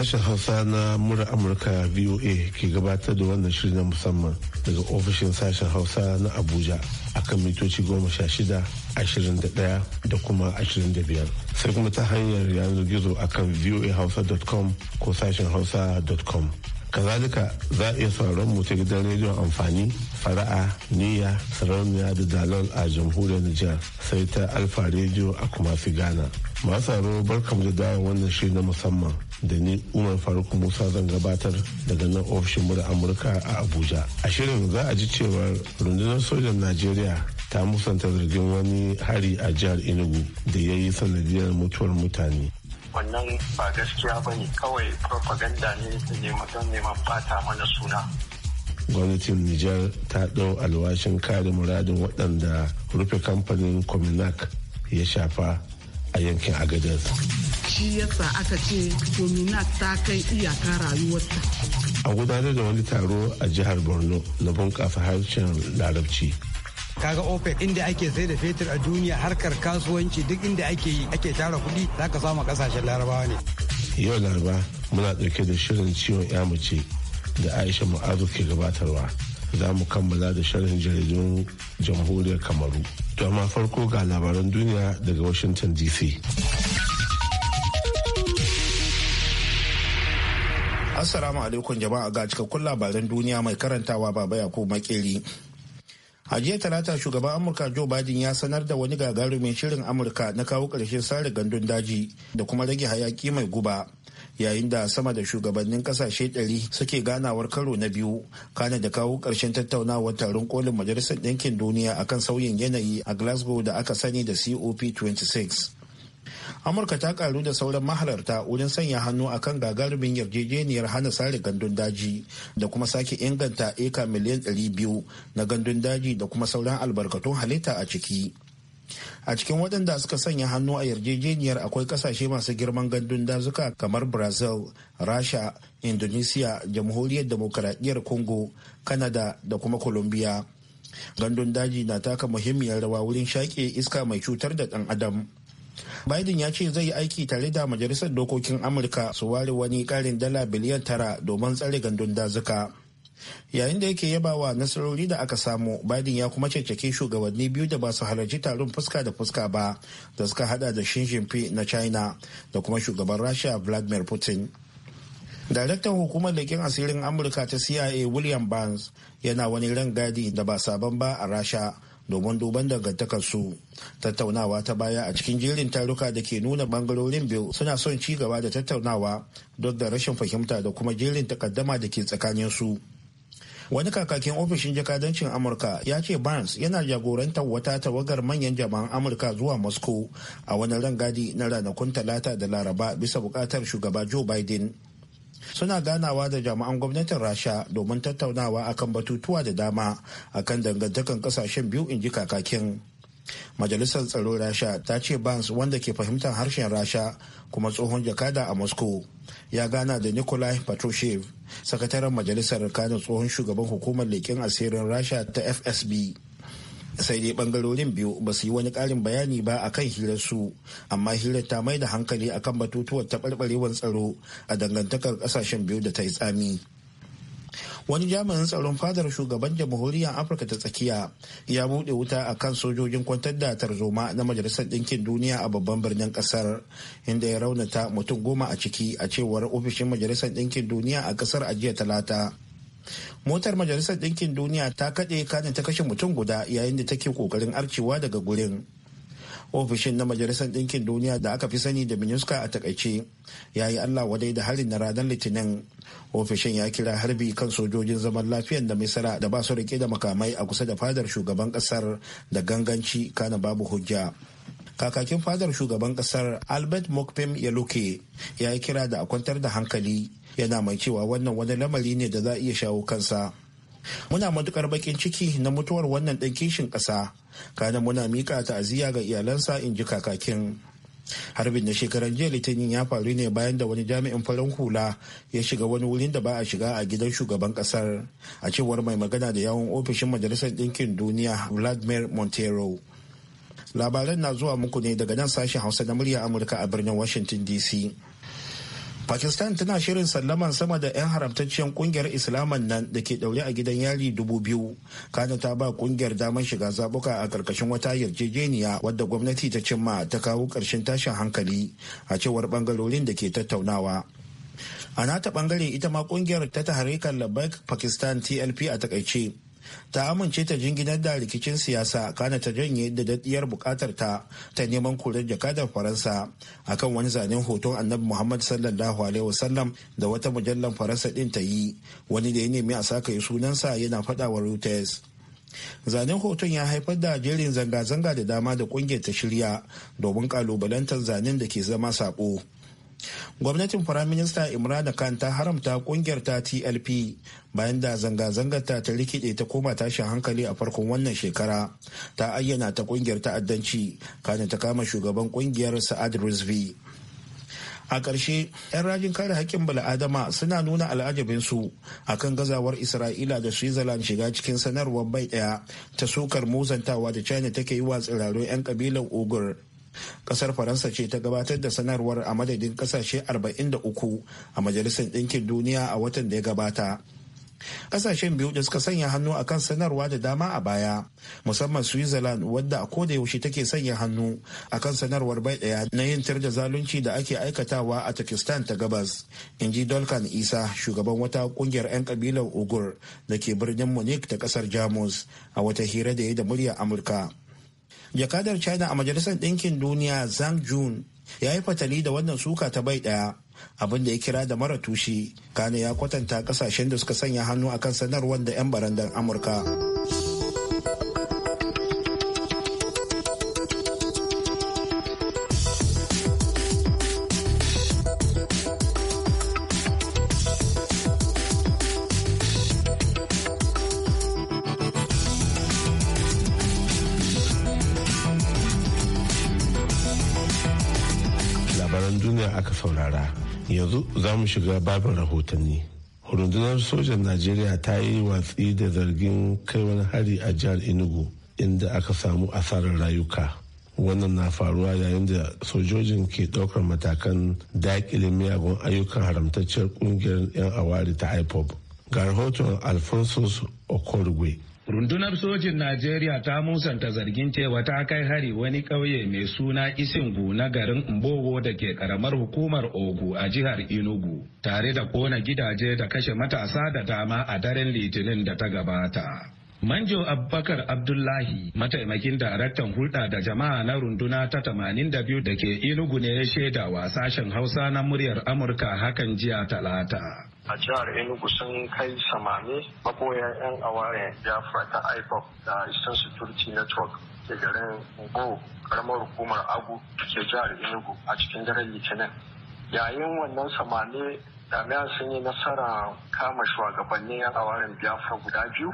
Sashen Hausa na mura Amurka VOA ke gabatar da wannan shirin na musamman daga ofishin sashen Hausa na Abuja a kan mitoci goma sha shida, ashirin da daya da kuma ashirin da biyar. Sai kuma ta hanyar yanar gizo a kan dot voahausa.com ko sashen hausa hausa.com. kazalika za a iya sauraron mu ta gidan rediyon amfani fara'a niyya sarauniya da dalol a jamhuriyar nijar sai ta alfa rediyo a kuma fi ghana masu sauraro barkamu da dawo wannan shiri na musamman da ni umar faruk musa zan gabatar daga nan ofishin mura amurka a abuja a shirin za a ji cewa rundunar sojan najeriya ta musanta zargin wani hari a jihar enugu da ya yi sanadiyar mutuwar mutane wannan ba gaskiya ba ne kawai propaganda ne da neman don neman bata mana suna gwamnatin nijar ta ɗau alwashin kare muradin waɗanda rufe kamfanin cominac ya shafa a yankin agadez. shi yasa aka ce dominat ta kai iyaka rayuwarta a gudanar da wani taro a jihar borno na bunƙasa harshen larabci kaga opec inda ake sai da fetur a duniya harkar kasuwanci duk inda ake yi ake tara kuɗi zaka samu kasashen larabawa ne yau laraba muna ɗauke da shirin ciwon ya da aisha mu'azu ke gabatarwa za mu kammala da sharhin jaridun jamhuriyar kamaru to amma farko ga labaran duniya daga washington dc Assalamu alaikum jama'a ga cikakkun labaran duniya mai karantawa baba ko Makeri. A jiya talata shugaban Amurka Joe Biden ya sanar da wani gagarumin shirin Amurka na kawo ƙarshen sare gandun daji da kuma rage hayaki mai guba. Yayin da sama da shugabannin kasashe ɗari suke ganawar karo na biyu, kana da kawo ƙarshen tattaunawar taron kolin Majalisar Ɗinkin Duniya akan sauyin yanayi a Glasgow da aka sani da COP26. amurka ta karu da sauran mahalarta wurin sanya hannu a kan gagarumin yarjejeniyar hana sare gandun daji da kuma sake inganta eka miliyan 200 na gandun daji da kuma sauran albarkatun halitta a ciki a cikin waɗanda suka sanya hannu a yarjejeniyar akwai ƙasashe masu girman gandun dazuka kamar brazil rasha indonesia jamhuriyar demokaradiyyar congo canada da kuma colombia gandun daji na taka muhimmiyar rawa wurin shaƙe iska mai cutar da ɗan adam biden ya ce zai yi aiki tare da majalisar dokokin amurka su ware wani ƙarin dala biliyan tara domin tsare gandun dazuka yayin da yake yaba wa nasarori da aka samu biden ya kuma ceceke shugabanni biyu da ba su halarci taron fuska da fuska ba da suka hada da xi jinping na china da kuma shugaban rasha vladimir putin daraktan hukumar leƙen asirin amurka ta cia william barnes yana wani rangadi da ba sabon ba a rasha domin duban dangantakarsu tattaunawa ta baya a cikin jerin taruka da ke nuna bangarorin biyu suna son ci gaba da tattaunawa duk da rashin fahimta da kuma jerin takaddama da ke tsakaninsu wani kakakin ofishin jakadancin amurka ya ce barnes yana jagorantar wata tawagar manyan jama'an amurka zuwa moscow a wani rangadi na ranakun talata da laraba bisa bukatar shugaba joe biden suna ganawa da jami'an gwamnatin rasha domin tattaunawa akan batutuwa da dama akan dangantakan kasashen biyu in ji kakakin majalisar tsaro rasha ta ce bans wanda ke fahimtar harshen rasha kuma tsohon jakada a moscow ya gana da nikolai patrushev sakataren majalisar kanin tsohon shugaban hukumar leƙen asirin rasha ta fsb sai dai bangarorin biyu ba su yi wani karin bayani ba a kan su amma hirar ta mai da hankali akan batutuwar taɓarɓarewar tsaro a dangantakar ƙasashen biyu da ta yi tsami wani jami'in tsaron fadar shugaban jamhuriyar afirka ta tsakiya ya buɗe wuta a kan sojojin kwantar da tarzoma na majalisar ɗinkin duniya a babban birnin ƙasar inda ya raunata mutum goma a ciki a cewar ofishin majalisar ɗinkin duniya a ƙasar a jiya talata motar majalisar ɗinkin duniya ta kaɗe kanin ta kashe mutum guda yayin da take ƙoƙarin arcewa daga gurin ofishin na majalisar ɗinkin duniya da aka fi sani da minuska a takaice ya yi allah wadai da harin na ranar litinin ofishin ya kira harbi kan sojojin zaman lafiyar da misira da ba su rike da makamai a kusa da fadar shugaban kasar da ganganci kana babu hujja kakakin fadar shugaban kasar albert mokpem yaluke ya yi kira da a kwantar da hankali yana mai cewa wannan wani lamari ne da za a iya shawo kansa muna matukar bakin ciki na mutuwar wannan ɗan kishin ƙasa kana muna miƙa ta'aziyya ga iyalansa in ji kakakin harbin na shekaran jiya litinin ya faru ne bayan da wani jami'in farin hula ya shiga wani wurin da ba a shiga a gidan shugaban kasar a cewar mai magana da yawon ofishin majalisar ɗinkin duniya vladimir montero labaran na zuwa muku ne daga nan sashen hausa na murya amurka a birnin washington dc pakistan tana shirin sallaman sama da 'yan haramtacciyar kungiyar islaman nan da ke daure a gidan yari dubu biyu kana ta ba kungiyar damar shiga zabuka a karkashin wata yarjejeniya wadda gwamnati ta cimma ta kawo karshen tashin hankali a cewar bangarorin da ke tattaunawa a nata bangare ita ma kungiyar ta taharikar labbaik pakistan tlp a takaice ta amince ta jinginar da rikicin siyasa kana ta janye da daddiyar bukatar ta ta neman korar jakadar faransa akan wani zanen hoton annabi muhammad sallallahu alaihi wasallam da wata mujallar faransa din ta yi wani da ya nemi a saka yi sunansa yana faɗa wa reuters zanen hoton ya haifar da jerin zanga-zanga da dama da ƙungiyar ta shirya domin kalubalantar zanen da ke zama sabo. gwamnatin firaminista Imrana khan ta haramta kungiyar ta tlp bayan da zanga-zangar ta ta rikide ta koma tashin hankali a farkon wannan shekara ta ayyana ta kungiyar ta'addanci kana ta kama shugaban kungiyar sa'ad rizvi a ƙarshe 'yan rajin kare haƙƙin bala'adama suna nuna al'ajabinsu a kan gazawar isra'ila da switzerland shiga cikin sanarwar bai ɗaya ta sukar muzantawa da china take yi wa tsirarun 'yan ƙabilar ogur kasar faransa ce ta gabatar da sanarwar a madadin kasashe 43 a majalisar ɗinkin duniya a watan da ya gabata kasashen biyu da suka sanya hannu a kan sanarwa da dama a baya musamman switzerland wadda a koda yaushe take sanya hannu a kan sanarwar bai daya na yin tar da zalunci da ake aikatawa a turkistan ta gabas in ji dolkan isa shugaban wata kungiyar 'yan kabilar ugur da ke birnin munich ta kasar jamus a wata hira da ya da muryar amurka jakadar china a majalisar ɗinkin duniya zhang jun ya yi fatali da wannan suka ta bai ɗaya abin da ya kira da mara tushe kane ya kwatanta ƙasashen da suka sanya hannu akan sanarwar da 'yan barandan amurka za mu shiga babin rahotanni rundunar sojan najeriya ta yi watsi da zargin kai wani hari a jihar enugu inda aka samu asarar rayuka wannan na faruwa yayin da sojojin ke ɗaukar matakan daƙile miyagun ayyukan haramtacciyar ƙungiyar 'yan awari ta ipob ga rahoton alphonsus okorugwe Rundunar sojin Najeriya ta musanta zargin cewa ta kai hari wani ƙauye mai suna Isingu na garin Mbogo da ke karamar hukumar Ogu a jihar inugu tare da kona gidaje da kashe matasa da dama a daren Litinin da ta gabata. Manjo Abubakar Abdullahi, mataimakin daraktan hulɗa da jama'a na runduna ta 82 da ke Enugu ne ya shaida wa sashen Hausa na muryar Amurka hakan jiya talata. a jihar enugu sun kai samani maboyan 'yan awarin biafra ta ipop da eastern security network ke garin go karamar hukumar agu ke jihar enugu a cikin daren litinin yayin wannan samani jami'an sun yi nasara kama shugabannin 'yan awaren biafra guda biyu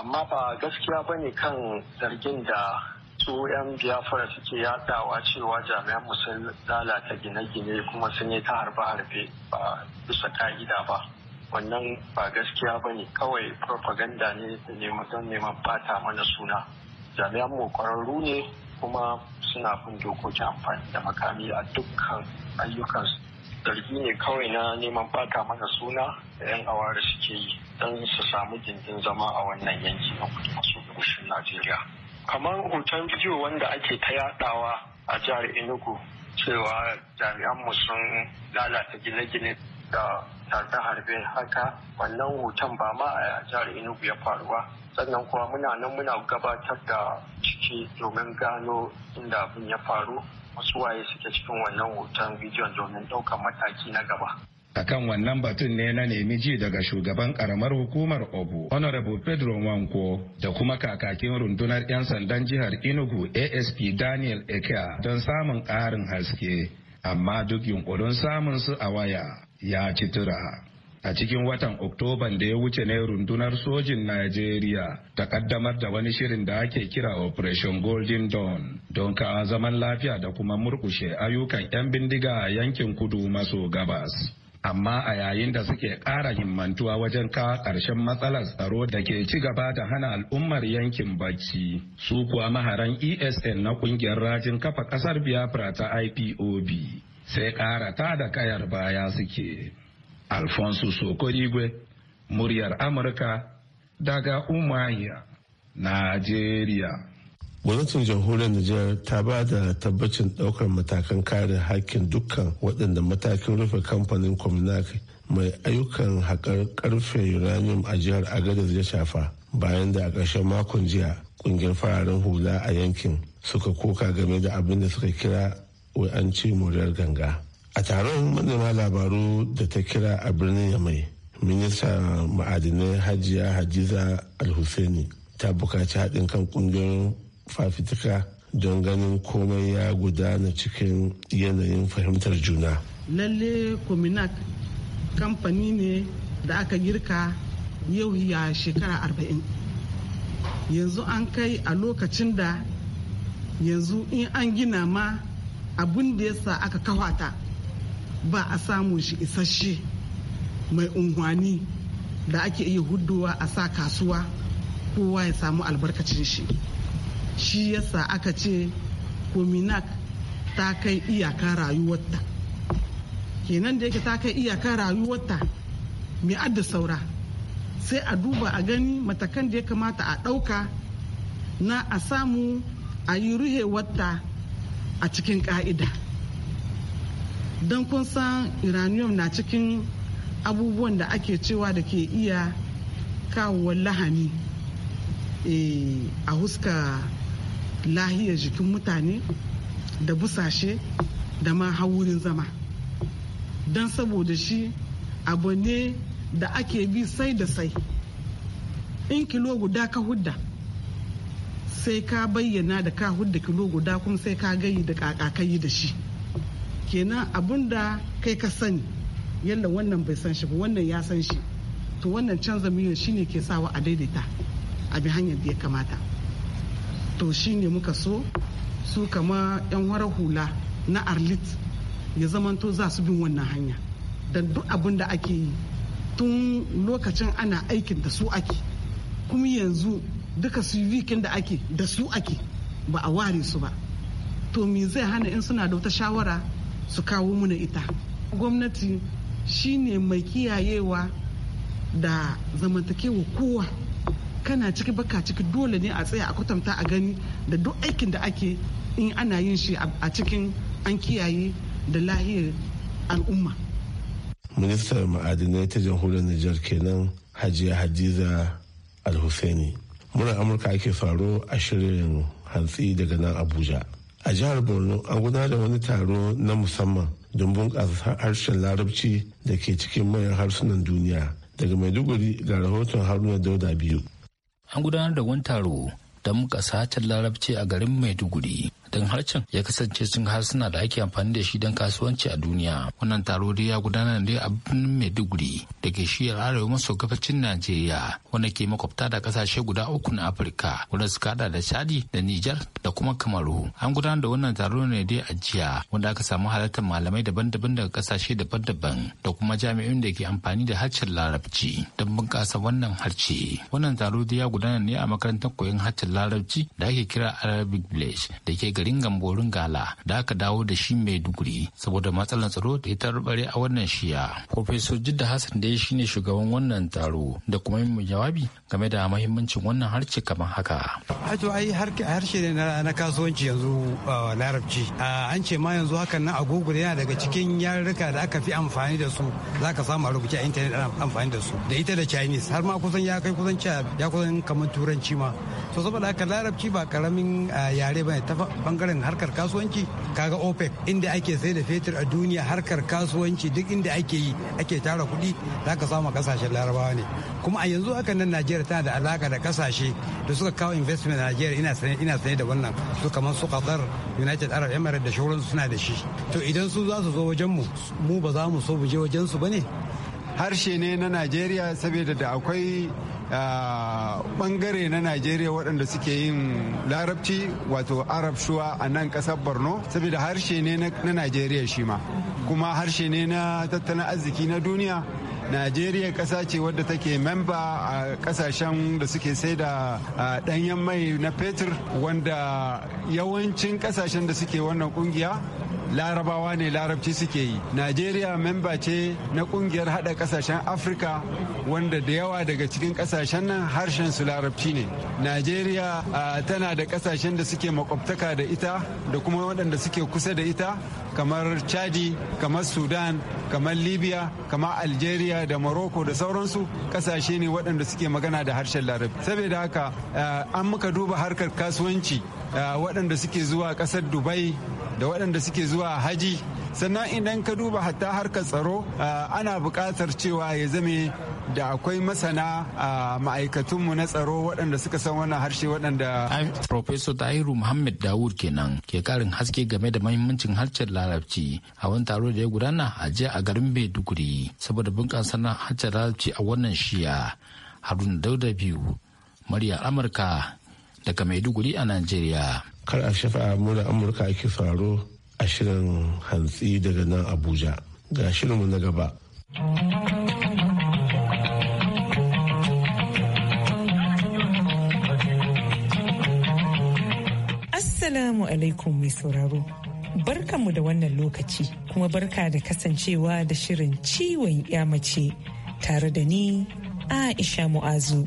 amma ba gaskiya ba ne kan zargin da su 'yan biyafar suke yadawa cewa jami'an sun lalata gine-gine kuma sun yi ta harbe-harbe ba bisa ka'ida ba wannan ba gaskiya ba ne kawai propaganda ne don neman bata mana suna jami'an mu kwararru ne kuma suna bin dokokin amfani da makami a dukkan ayyukansu zargi ne kawai na neman bata mana suna da 'yan awara suke yi don su samu gindin zama a wannan yanki na kudu maso gabashin najeriya kamar hoton bidiyo wanda ake ta yadawa a jihar enugu cewa jami'anmu sun lalata gine-gine da tarta harbe haka wannan hoton ba ma a jihar enugu ya faru ba, sannan kuma muna nan muna gabatar da ciki domin gano inda abin ya faru wasu waye suke cikin wannan hoton bidiyon domin ɗaukar mataki na gaba akan wannan batun ne na nemi ji daga shugaban karamar hukumar obu honorable pedro wanko da kuma kakakin rundunar 'yan sandan jihar inugu asp daniel ekia don samun ƙarin haske amma duk yunkurin samun su a waya ya ci tura a cikin watan oktoban da ya wuce ne rundunar sojin najeriya ta kaddamar da wani shirin da ake kira operation golden dawn don kawo zaman lafiya da kuma murkushe ayyukan 'yan bindiga a yankin kudu maso gabas amma a yayin da suke ƙara himmantuwa wajen kawo ƙarshen matsalar tsaro da ke ci gaba da hana al'ummar yankin bacci su kuwa maharan esn na ƙungiyar rajin kafa ƙasar biafra ta ipob sai ƙara ta da kayar baya suke alfonso sokorigwe muryar amurka daga umahia najeriya gwamnatin jamhuriyar Nijar ta ba da tabbacin daukar matakan kare hakkin dukkan waɗanda matakin rufe kamfanin Comnac mai ayyukan haƙar karfe uranium a jihar Agadez ya shafa bayan da a ƙarshen makon jiya ƙungiyar fararen hula a yankin suka koka game da abin da suka kira wai an ganga. A taron manema labaru da ta kira a birnin Yamai, minista ma'adinai Hajiya Hajiza Alhussaini ta bukaci haɗin kan ƙungiyoyin fafitika don ganin komai ya gudana cikin yanayin fahimtar juna. Lalle Kominak kamfani ne da aka girka yau ya shekara arba'in. Yanzu an kai a lokacin da yanzu in an gina ma abun da ya sa aka kawata ba a samu shi isasshe mai unguwani da ake iya hudowa a sa kasuwa kowa ya samu albarkacin shi. shi yasa aka ce kominak ta kai iyaka rayuwarta kenan da yake ta kai iyaka rayuwarta mai adda saura sai a duba a gani matakan da ya kamata a ɗauka na a samu a yi ruhewarta a cikin ka'ida. don kun san uranium na cikin abubuwan da ake cewa da ke iya kawo lahani eh, a huska lahiyar jikin mutane da busashe da ma haurin zama don saboda shi abu ne da ake bi sai da sai in kilo guda ka hudda sai ka bayyana da ka hudda kilo guda kuma sai ka gayi da kakakayi da shi kenan abun da kai ka sani yalla wannan bai san shi ba wannan ya san shi to wannan canza miliyan shine ke sawa a daidaita a bi hanyar da ya kamata to shine muka so su kama 'yan wara hula na arlit ya zamanto za su bin wannan hanya don duk abin da ake yi tun lokacin ana aikin da su ake kuma yanzu duka su da ake da su ake ba a ware su ba to me zai hana in suna da wata shawara su kawo muna ita gwamnati shine mai kiyayewa da zamantakewa kowa kana ciki baka ciki dole ne a tsaya a kwatanta a gani da duk aikin da ake in ana yin shi a cikin an kiyaye da lahiyar al'umma ministan ma'adinai ta jamhuriyar nijar kenan hajiya hadiza alhussaini muna amurka ake faro a shirin hantsi daga nan abuja a jihar borno an gudanar da wani taro na musamman don bunƙasa harshen larabci da ke cikin manyan harsunan duniya daga maiduguri ga rahoton haruna dauda biyu an gudanar da wani taro da muka sacen larabci a garin maiduguri don harcin ya kasance sun harsuna da ake amfani da shi don kasuwanci a duniya wannan taro dai ya gudana ne a birnin maiduguri da ke shiyar arewa maso gabacin najeriya wanda ke makwabta da kasashe guda uku na afirka wanda suka hada da chadi da nijar da kuma kamaru an gudanar da wannan taro ne dai a jiya wanda aka samu halartar malamai daban-daban daga kasashe daban-daban da kuma jami'in da ke amfani da harshen larabci don bunƙasa wannan harshe wannan taro dai ya gudana ne a makarantar koyon harshen larabci da ake kira arabic village da ke garin gamborin gala da aka dawo da shi mai duguri saboda matsalar tsaro da ya tarbare a wannan shiya Profesor jidda hassan da ya shine shugaban wannan taro da kuma yi jawabi game da mahimmancin wannan harshe kamar haka ajo ai harshe ne na kasuwanci yanzu larabci an ce ma yanzu hakan na agogo yana daga cikin yarurruka da aka fi amfani da su za ka samu a rubuce a intanet ana amfani da su da ita da chinese har ma kusan ya kai kusan ya kusan kamar turanci ma to saboda haka larabci ba karamin yare bane ta bangaren harkar kasuwanci kaga opec inda ake sai da fetur a duniya harkar kasuwanci duk inda ake yi ake tara kuɗi za ka samu kasashen larabawa ne kuma a yanzu haka nan najeriya tana da alaka da kasashe da suka kawo investment a najeriya ina sane da wannan su kamar su qatar united arab emirates da shauransu suna da shi to idan su za su zo wajen mu mu ba za mu so mu je wajen su bane harshe ne na najeriya saboda da akwai bangare na najeriya waɗanda suke yin larabci wato arab shuwa a nan ƙasar borno saboda harshe ne na najeriya shi ma kuma harshe ne na tattalin arziki na duniya najeriya ƙasa ce wadda take memba a ƙasashen da suke sai da ɗanyen mai na fetur wanda yawancin ƙasashen da suke wannan ƙungiya larabawa ne larabci suke yi najeriya memba ce na kungiyar hada kasashen afirka wanda da yawa daga cikin kasashen nan harshen su larabci ne najeriya tana da kasashen da suke makwabtaka da ita da kuma waɗanda suke kusa da ita kamar chadi kamar sudan kamar libya kamar algeria da morocco da sauransu kasashe ne waɗanda suke magana da harshen larabci saboda haka an muka duba harkar kasuwanci waɗanda suke zuwa ƙasar dubai da waɗanda suke zuwa haji sannan idan ka duba hatta harkar tsaro ana buƙatar cewa ya zame da akwai masana a ma'aikatunmu na tsaro waɗanda suka san wannan harshe waɗanda. Professor Tahiru Muhammad Dawud kenan ke karin haske game da mahimmancin harshen larabci a wani taro da ya gudana a jiya a garin Maiduguri saboda bunƙasa na harshen larabci a wannan shiya. Haruna Dauda biyu, murya Amurka daga Maiduguri a Najeriya. kar a shafa mura amurka ake faro a shirin hantsi daga nan abuja ga shirinmu na gaba assalamu alaikum mai sauraro barkanmu da wannan lokaci kuma barka da kasancewa da shirin ciwon mace tare da ni aisha mu'azu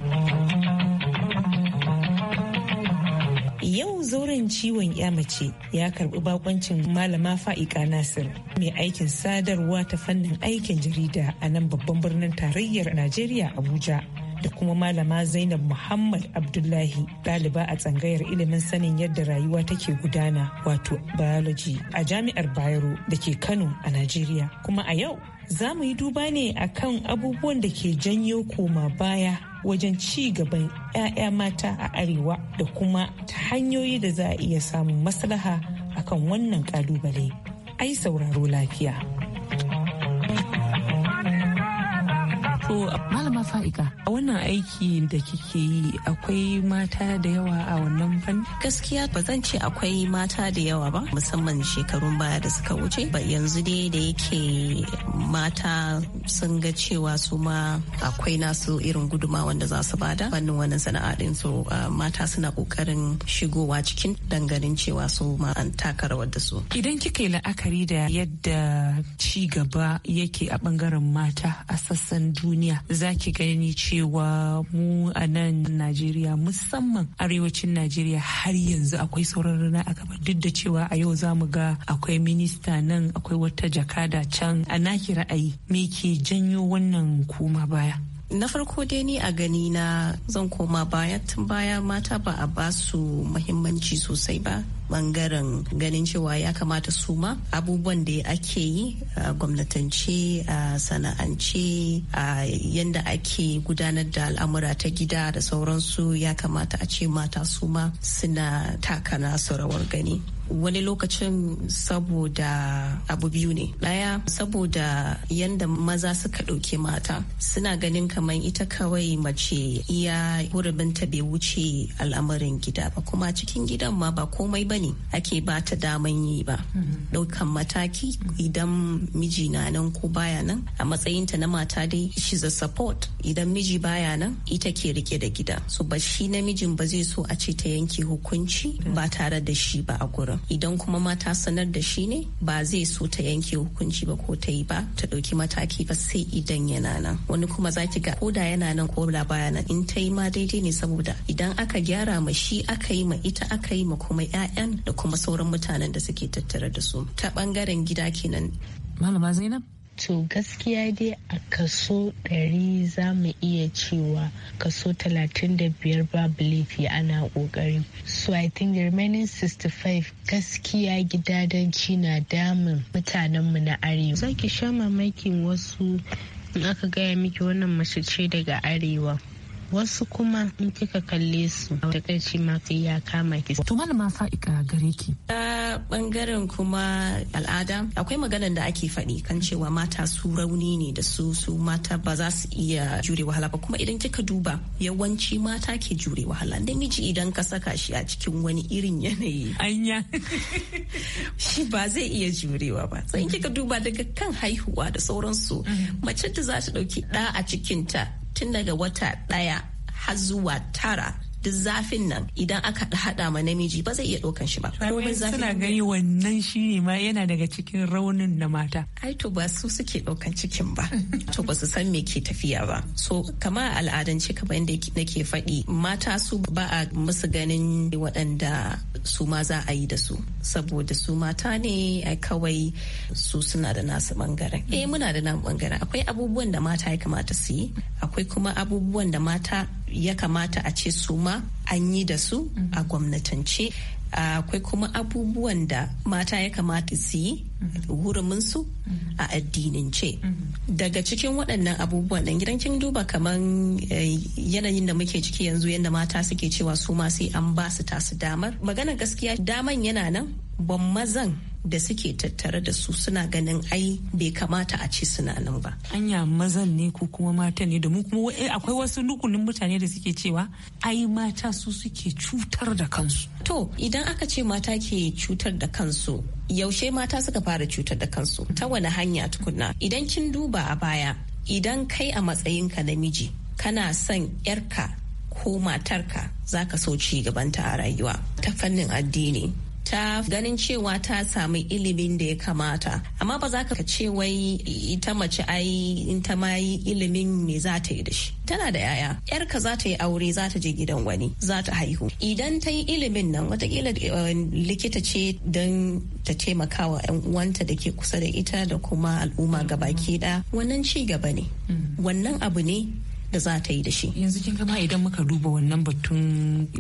yau zauren ciwon ya mace ya karbi bakoncin malama fa'ika nasir mai aikin sadarwa ta fannin aikin jarida a nan babban birnin tarayyar najeriya abuja da kuma malama zainab muhammad abdullahi ɗaliba a tsangayar ilimin sanin yadda rayuwa take gudana wato biology a jami'ar bayero da ke kano a najeriya kuma a yau za mu yi duba ne akan abubuwan da ke janyo koma baya wajen ci gaban 'ya'ya mata a arewa da kuma ta hanyoyi da za a iya samun maslaha akan wannan kalubale ai sauraro lafiya. To malama fa'ika a wannan aiki da kike yi akwai mata da yawa a wannan fanni? Gaskiya ba zan ce akwai mata da yawa ba musamman shekarun baya da suka wuce ba yanzu dai da yake mata sun ga cewa su ma akwai nasu irin guduma wanda za su bada fannin wannan sana'a din so mata suna kokarin shigowa cikin dangarin cewa su ma an taka rawar da su. Idan kika yi la'akari da yadda ci gaba yake a bangaren mata a sassan duniya duniya za ki gani cewa mu a nan Najeriya musamman arewacin Najeriya har yanzu akwai sauran rana a gaba duk da cewa a yau za mu ga akwai minista nan akwai wata jakada can a naki ra'ayi me ke janyo wannan koma baya. na farko dai ni a gani na zan koma baya tun baya mata ba a ba su muhimmanci sosai ba bangaren ganin cewa ya kamata su ma abubuwan da ake yi a gwamnatance a sana'ance a yadda ake gudanar da al'amura ta gida da sauransu ya kamata a ce mata su ma suna taka su rawar gani wani lokacin saboda abu biyu ne ɗaya saboda yanda maza suka ɗauke mata suna ganin kamar ita kawai mace iya ta bai wuce al'amarin gida ba kuma cikin gidan ma ba komai ba ne ake ba ta daman yi ba mm-hmm. ɗaukan mataki idan miji na nan ko baya nan a matsayinta na mata dai she's a support idan miji baya nan ita ke rike da gida so ba shi namijin ba zai so a ce ta yanke hukunci ba tare da shi ba a gurin idan kuma mata sanar da shi ne ba zai so ta yanke hukunci ba ko ta yi ba ta ɗauki mataki ba sai idan yana nan wani kuma zaki ga ko da yana nan ko da baya nan in ta yi ma daidai ne saboda idan aka gyara ma shi aka yi ma ita aka yi ma kuma 'ya'yan da kuma sauran mutanen da suke tattare da su ta ɓangaren gida kenan malama zainab To gaskiya dai a kaso ɗari za mu iya cewa kaso talatin da biyar babu laifi ana ƙoƙari. So I think the remaining 65 gaskiya gida gidadanci na damun mu na arewa. zaki sha mamakin wasu in aka gaya miki wannan mace ce daga arewa. wasu kuma in kika kalle su da kai ma sai ya kama ki to malama fa'ika gare ki ta bangaren kuma al'ada akwai maganar da ake faɗi kan cewa mata su rauni ne da su su mata ba za su iya jure wahala ba kuma idan kika duba yawanci mata ke jure wahala namiji idan ka saka shi a cikin wani irin yanayi anya shi ba zai iya jurewa ba sai in kika duba daga kan haihuwa da sauransu mm-hmm. mace da za ta ɗauki ɗa a cikinta tun daga wata ɗaya har zuwa tara duk zafin nan idan aka haɗa ma namiji ba zai iya ɗaukan shi ba. suna gani wannan shi ne ma yana daga cikin raunin na mata. Ai to ba su suke ɗaukan cikin ba. To ba su san me ke tafiya ba. So kama al'adance kamar yadda nake faɗi mata su ba a musu ganin waɗanda su ma za a yi da su. Saboda su mata ne kawai su suna da nasu bangaren. Eh muna da nan bangaren akwai abubuwan da mata ya kamata su yi akwai kuma abubuwan da mata ya kamata a ce su ma an yi da su a mhm. gwamnatance akwai kuma abubuwan da mata ya kamata su yi huruminsu a ce daga cikin waɗannan abubuwan ɗan gidan kin duba kamar eh, yanayin da muke ciki yanzu yadda mata suke cewa su ma sai an ba su tasu damar magana gaskiya daman yana nan ban mazan da suke tattare da su suna ganin ai bai kamata a ce suna nan ba. Anya mazan ne ko kuma mata ne da mu kuma eh, akwai wasu nukunin mutane da suke cewa ai mata su suke cutar da kansu. To idan aka ce mata ke cutar da kansu yaushe mata suka fara cutar da kansu ta wani hanya tukunna idan kin duba a baya idan kai a matsayinka namiji kana son yarka ko matarka za ka so ci gabanta a rayuwa ta fannin addini ta ganin cewa ta samu ilimin da ya kamata amma ba za ka ce wai ita mace ai in ta ma yi ilimin me za ta yi da shi tana da yaya ka za ta yi aure za ta je gidan wani za ta haihu idan ta yi ilimin nan watakila eh, likita ce don ta taimaka wa 'yan uwanta da ke kusa da ita da kuma al'umma gabaki da mm-hmm. wannan ci gaba ne mm-hmm. wannan abu ne da za ta yi da shi. Yanzu kin gama idan muka duba wannan batun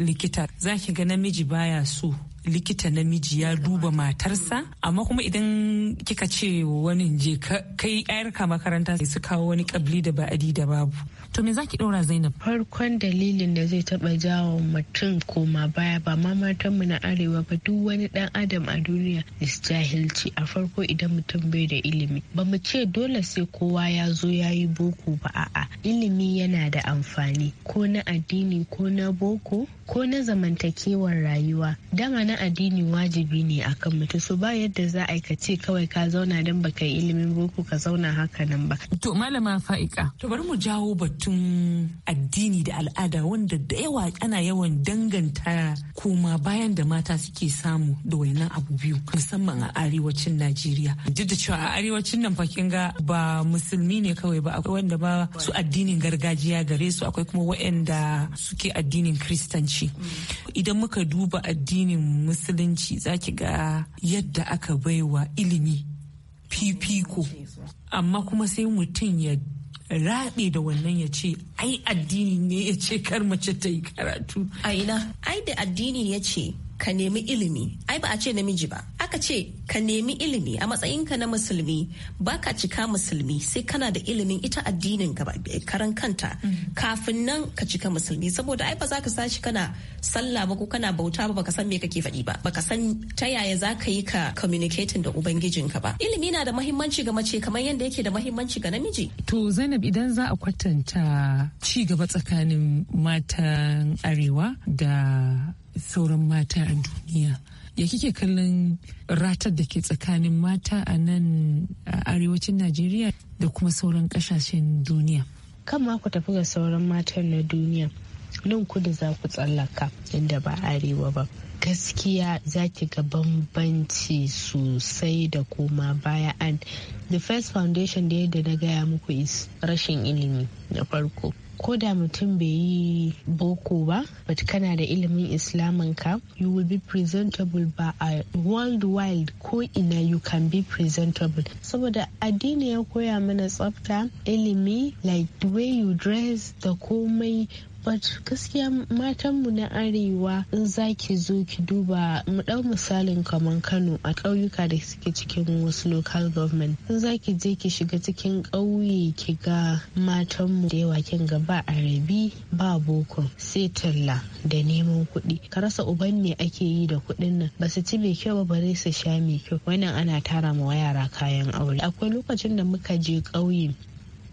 likita za ki ga namiji baya so likita namiji ya duba matarsa amma kuma idan kika ce wani je kai ayarka makaranta sai su kawo wani kabli da ba'adi da babu to me zaki ɗora zainab farkon dalilin da zai taba jawo mutum koma baya ba ma mu na arewa ba duk wani dan adam a duniya is jahilci a farko idan mutum bai da ilimi ba mu ce dole sai kowa ya zo ya yi boko ba a'a ilimi yana da amfani ko na addini ko na boko ko na zamantakewar rayuwa dama na addini wajibi ne akan mutum su ba yadda za a ka ce kawai ka zauna dan baka yi ilimin boko ka zauna haka nan ba to malama fa'ika to bari mu jawo batun addini da al'ada wanda da yawa ana yawan danganta koma bayan da mata suke samu da wayannan abu biyu musamman a arewacin Najeriya duk da cewa a arewacin nan fakin ga ba musulmi ne kawai ba akwai wanda ba su addinin gargajiya gare su akwai kuma waɗanda suke addinin kiristanci. idan muka duba addinin musulunci zaki ga yadda aka baiwa ilimi fifiko amma kuma sai mutum ya raɗe da wannan ya ce ai addini ne ya ce kar mace ta yi karatu a ai da addini ya ce ka nemi ilimi ai ba a ce namiji ba aka ce ka nemi ilimi a matsayinka na musulmi baka cika musulmi sai kana da ilimin ita addinin ka eh, karan kanta mm-hmm. kafin nan ka cika musulmi saboda ai ba za ka sashi kana sallah ba ko kana bauta ba baka san me kake faɗi ba baka san ta yaya za ka yi ka communicating da ubangijinka ba ilimi na da mahimmanci ga mace kamar yadda yake da mahimmanci ga namiji to Zainab idan za a kwatanta ci gaba tsakanin matan arewa da sauran mata a duniya ya kike kallon ratar da ke tsakanin mata a nan a arewacin najeriya da kuma sauran kasashen duniya kan ma ku tafi ga sauran matan na duniya nan kudu za ku tsallaka inda ba arewa ba gaskiya za ki ga bambanci sosai da koma baya and the first foundation da yadda na gaya muku is rashin ilimi na farko ko da mutum bai yi boko ba but kana da ilimin islamin ka you will be presentable ba a wide ko ina you can be presentable saboda addini ya koya mana tsafta ilimi like the way you dress da komai tabbat gaskiya matan mu na arewa in zaki zo ki duba mu ɗau misalin kaman kano a ƙauyuka da suke cikin wasu local government in zaki je ki shiga cikin ƙauye ki ga matanmu da yawa kin ga ba arabi ba boko sai talla da neman kuɗi ka rasa uban me ake yi da kuɗin nan ba su ci mai kyau ba bare su sha mai kyau wannan ana tara ma yara kayan aure akwai lokacin da muka je ƙauye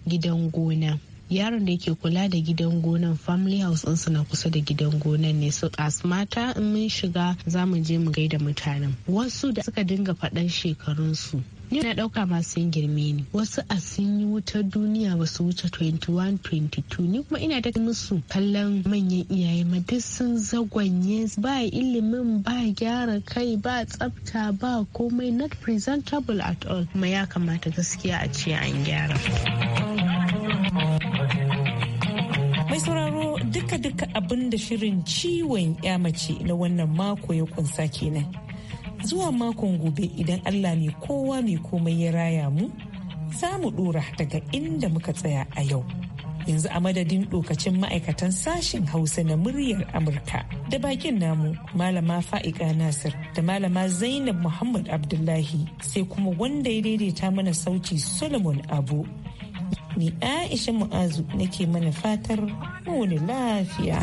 gidan gona yaron da yake kula da gidan gonan family house ɗinsu na kusa da gidan gonan ne su mata in mun shiga za mu je mu gaida mutanen wasu da suka dinga faɗan shekarunsu ni na ɗauka masu yin girme ne wasu a sun yi wutar duniya ba su wuce 21 22 ni kuma ina da musu kallon manyan iyaye ma duk sun zagwanye ba ilimin ba gyara kai ba tsafta ba komai not presentable at all kuma ya kamata gaskiya a ce an gyara. Mai sauraro duka-duka abin da shirin ciwon ya mace na wannan mako ya kunsa kenan. Zuwa makon gobe idan Allah ne kowa mai komai ya raya mu, za mu ɗora daga inda muka tsaya a yau. yanzu a madadin dokacin ma'aikatan sashen hausa na muryar amurka da bakin namu malama fa'ika nasir da malama zainab muhammad abdullahi sai kuma wanda ya daidaita mana sauti solomon abu ni aisha mu'azu nake mana fatar mu lafiya.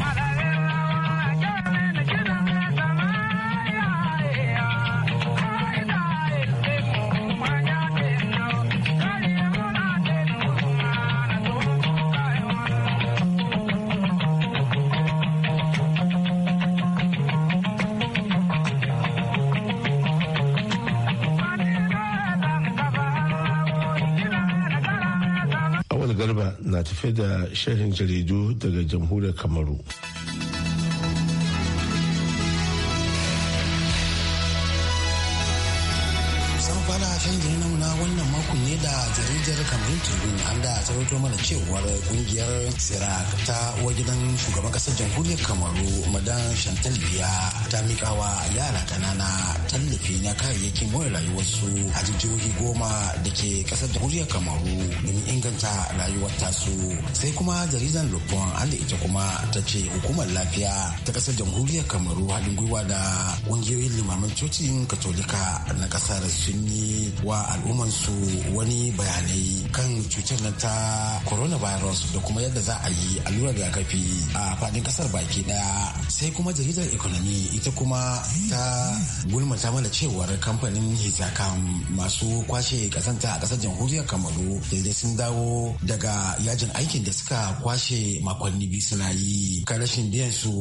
da shirin jaridu daga jamhuriyar kamaru zan fara shan gina na wannan makon ne da jaridar kamar tribune an da sarauto mana cewar kungiyar tsira ta uwa gidan shugaban kasar jamhuriyar kamaru madan chantal biya ta mikawa yara kanana tallafi na kayayyakin more rayuwarsu a jijiyoyi goma da ke kasar jamhuriyar kamaru domin inganta rayuwar tasu sai kuma jaridar lupon an da ita kuma ta ce hukumar lafiya ta kasar jamhuriyar kamaru haɗin gwiwa da ƙungiyoyin limamin cocin katolika na kasar sun sun yi wa su wani bayanai kan cutar nan ta coronavirus da kuma yadda za a yi allurar rigakafi a faɗin kasar baki ɗaya sai kuma jaridar economy ita kuma ta gulmata mana cewar kamfanin hitakan masu kwashe kasanta a ƙasar jamhuriyar kamaru daidai sun dawo daga yajin aikin da suka kwashe makonni biyu suna yi kan rashin biyan su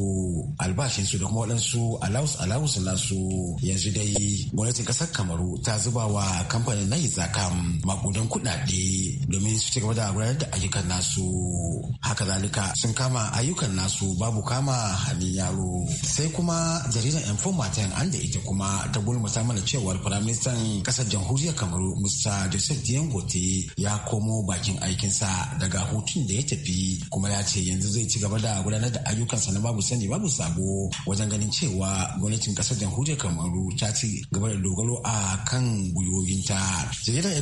albashinsu da kuma waɗansu alawus alawus nasu yanzu dai gwamnatin kasar kamaru ta zo zuba wa kamfanin na Izakam makudan kuɗaɗe domin su ci gaba da gudanar da ayyukan nasu. Haka zalika sun kama ayyukan nasu babu kama hali yaro. Sai kuma jaridar Informatin an da ita kuma ta ta mana cewar Firaministan ƙasar Jamhuriyar Kamaru Musa Joseph Diangote ya komo bakin aikinsa daga hutun da ya tafi kuma ya ce yanzu zai ci gaba da gudanar da ayyukansa na babu sani babu sabo wajen ganin cewa gwamnatin ƙasar Jamhuriyar Kamaru ta ci gaba da dogaro a kan gwiwoyin ta jaridar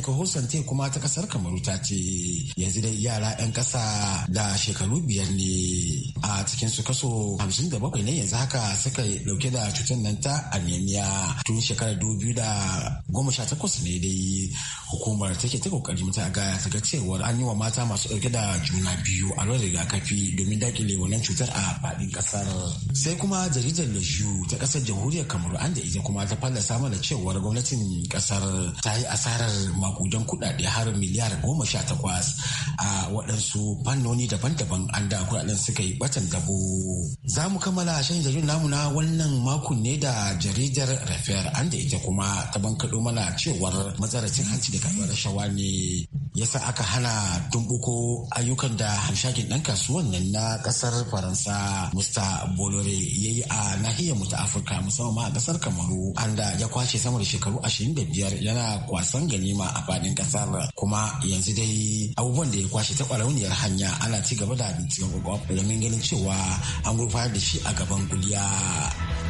te kuma ta kasar kamaru ta ce yanzu dai yara 'yan kasa da shekaru biyar ne a cikin su kaso 57 ne yanzu haka suka dauke da cutar nan ta anemia tun shekarar 2018 ne dai hukumar take ta kokari mata ga ta ga cewar an yi wa mata masu dauke da juna biyu a lura rigakafi domin dakile wannan cutar a faɗin kasar sai kuma jaridar leju ta kasar jamhuriyar kamaru an da ita kuma ta fallasa mana cewar gwamnatin kasar ta yi asarar makudan kudade har miliyar goma sha takwas a waɗansu fannoni daban-daban an da kudaden suka yi batan dabo. Za mu kammala shan jaridar namu na wannan makon ne da jaridar Rafiyar an da ita kuma ta bankaɗo mana cewar matsalar hanci da karɓar rashawa ne yasa aka hana tumbuko ayyukan da hanshakin ɗan kasuwan nan na ƙasar Faransa Mr. Bolore ya yi a nahiyar mu ta Afirka musamman a ƙasar Kamaru an da ya kwashe sama da shekaru ashirin da biyar yana kwasan ganima a faɗin ƙasar kuma yanzu dai abubuwan da ya kwashe ta kwarauniyar hanya ana ci gaba da binciken kwakwa domin ganin cewa an gurfanar da shi a gaban kuliya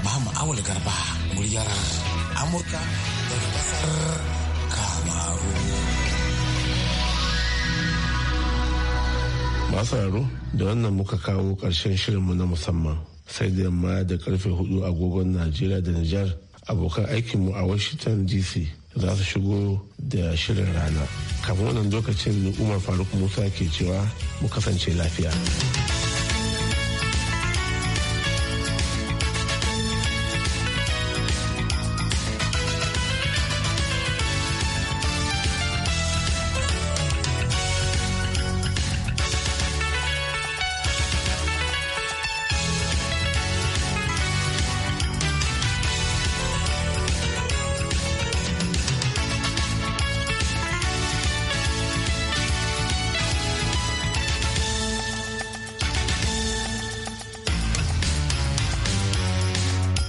mahamman Awul Garba muryar Amurka daga kasar Kamaru. Masu yaro da wannan muka kawo ƙarshen shirinmu na musamman sai da yamma da karfe hudu agogon Najeriya da Nijar abokan aikinmu a washington dc za su shigo da shirin rana kamar wannan lokacin umar faruk musa ke cewa mu kasance lafiya.